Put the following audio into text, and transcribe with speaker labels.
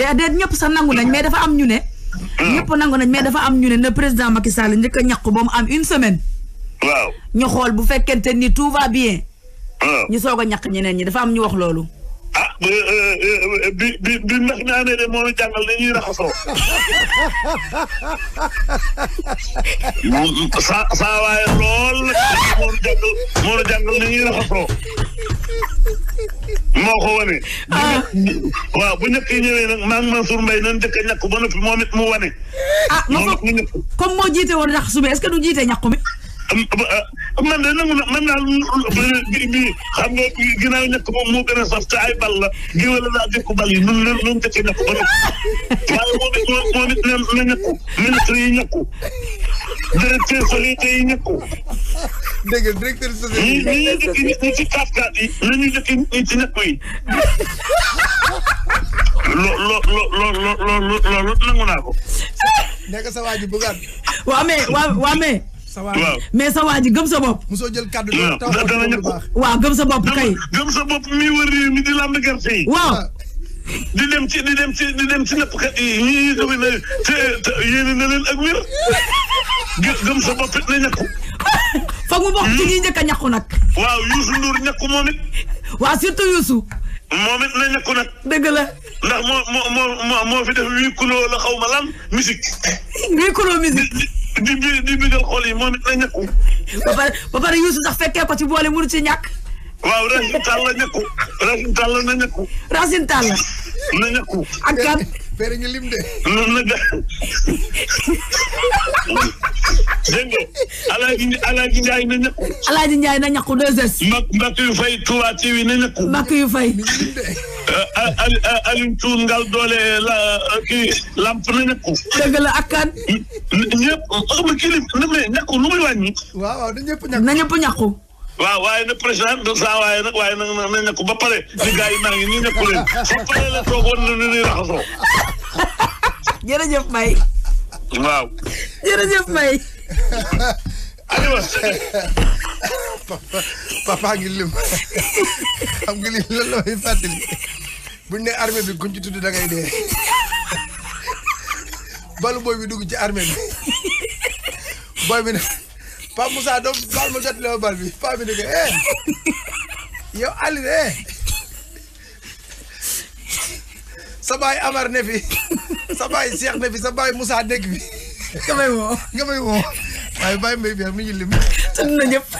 Speaker 1: déedéet ñëpp sa nangu nañ mais dafa am ñu ne. ñëpp nangu nañ mais dafa am ñu ne ne président Macky Sall njëkk a ñàkk ba mu am une semaine. waaw ñu xool bu fekkente ni tout va bien. Ah. ñu soog a ñàkk ñeneen ñi dafa am ñu wax loolu. ah euh, euh, bi bi bi ndax naa ne de moo la jàngal ne ñuy raxasoo. saa saa lool moo la jàngal moo la jàngal ne raxasoo. moo ko wane. ah waaw bu ñëkk ñëwee nag maa ngi Mansour Mbaye nan njëkk a ñàkk ba noppi moom it mu wane. ah ma comme moo jiite woon ndax suba est-ce que du jiite ñàkk mi. man ah, de nangu na man daal bi xam nga ginnaaw ñàkk moom moo gën a saf te ay bal la géwél la dëkku bal yi nun leen nun dëkkee ñàkk ba noppi waaye moom it moom it na ñàkku ministre yi ñàkku directeur société yi ñàkku dégg nga directeur société. ñii ñii ñu ngi ci kaat yi. la ñuy def ci napp yi. loo loo loo loo loo loo nangu naa ko.
Speaker 2: nekk sa waa ji bëggaat. waaw mais waaw waaw mais. sa waa ji mais sa waa ji gëm sa bopp. musoo jël kàddu gi taw waaw gëm sa
Speaker 1: bopp kay. gëm sa bopp mi wër réew mi di lamb gerte yi. waaw. di dem ci di dem ci di dem ci nappkat yi ñii tamit te yéene na leen ak wér gëm sa bopp it na ñàkk. foog mu bokk ci ñi hmm? njëkk a ñàkku nag. waaw Youssou Ndour ñàkku moom waa waaw surtout Youssou. moom it na ñàkku nag. dëgg la. ndax moo moo moo fi def huit kilos la xaw ma lan musique. huit kilos musique. di di di bigal xol yi moom it na ñàkku. ba pare ba sax fekkee ko ci boole mënu ci ñàkk. waaw Racine Talla la ñàkku Racine Talla na ñàkku. Racine Talla. na ñàkku. ak kan. pere ngi lim de. na na Alaaji Alaaji Ndiaye na ñàkku. Alaaji Ndiaye na ñàkku deux heures. Mbackiyou Faye Touba TV na ñàkku. Mbackiyou Faye. Euh, Alioune Tour ngal doole la euh, kii lamp na ñàkku. dëgg la ak kan. ñëpp xam kii mais ñàkku lu muy wàññi. waaw waaw na ñëpp ñàkku na ñëpp ñàkku. waaw waaye na président de saa waaye nag waaye nag na ñàkku ba pare li gars yi maa ngi nii ñàkku leen ba pare la toogoon na ni raxasoo.
Speaker 2: jërëjëf May. waaw. jërëjëf May. papa papa ngi lim xam nga li lan la may fàttali ne armée bi kuñ ci tudd da ngay dee balu booy bi dugg ci armée bi booy bi ne Pa Moussa doom bal ma jot la bal bi pa bi ne ko eh yow Aliou eh sa Amar ne fi sa baay ne fi sa baay nekk fi nga may waaye bàyyi mbay mi ngi lim. tën na ñëpp.